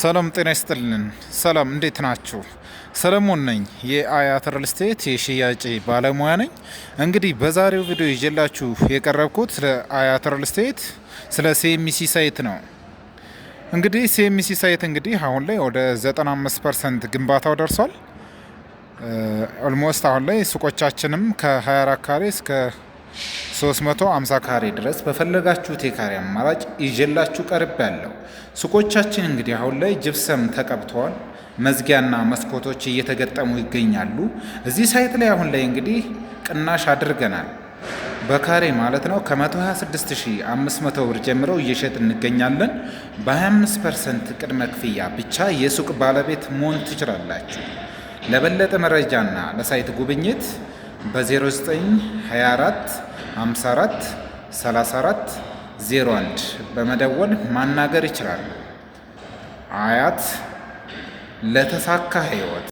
ሰላም ጤና ይስጥልን። ሰላም እንዴት ናችሁ? ሰለሞን ነኝ የአያት ሪል ስቴት የሽያጭ ባለሙያ ነኝ። እንግዲህ በዛሬው ቪዲዮ ይዤላችሁ የቀረብኩት ስለ አያት ሪል ስቴት ስለ ሴሚሲ ሳይት ነው። እንግዲህ ሴሚሲ ሳይት እንግዲህ አሁን ላይ ወደ 95 ፐርሰንት ግንባታው ደርሷል። ኦልሞስት አሁን ላይ ሱቆቻችንም ከ24 ካሬ እስከ 350 ካሬ ድረስ በፈለጋችሁት የካሬ አማራጭ ይዤላችሁ ቀርብ ያለው ሱቆቻችን እንግዲህ አሁን ላይ ጅብሰም ተቀብተዋል። መዝጊያና መስኮቶች እየተገጠሙ ይገኛሉ። እዚህ ሳይት ላይ አሁን ላይ እንግዲህ ቅናሽ አድርገናል። በካሬ ማለት ነው ከ126500 ብር ጀምረው እየሸጥ እንገኛለን። በ25 ፐርሰንት ቅድመ ክፍያ ብቻ የሱቅ ባለቤት መሆን ትችላላችሁ። ለበለጠ መረጃና ለሳይት ጉብኝት በ0924 54 34 01 በመደወል ማናገር ይችላል። አያት ለተሳካ ህይወት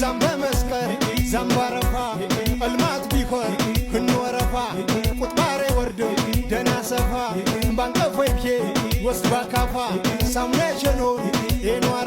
ዛምበ መስቀል ዛምባረፋ እልማት ቢኮር ክንወረፋ ቁጥባሬ ወርድ ደና ሰፋ ባንቀፎይኬ ወስባካፋ ሳሙያ ሸኖ ኤኗ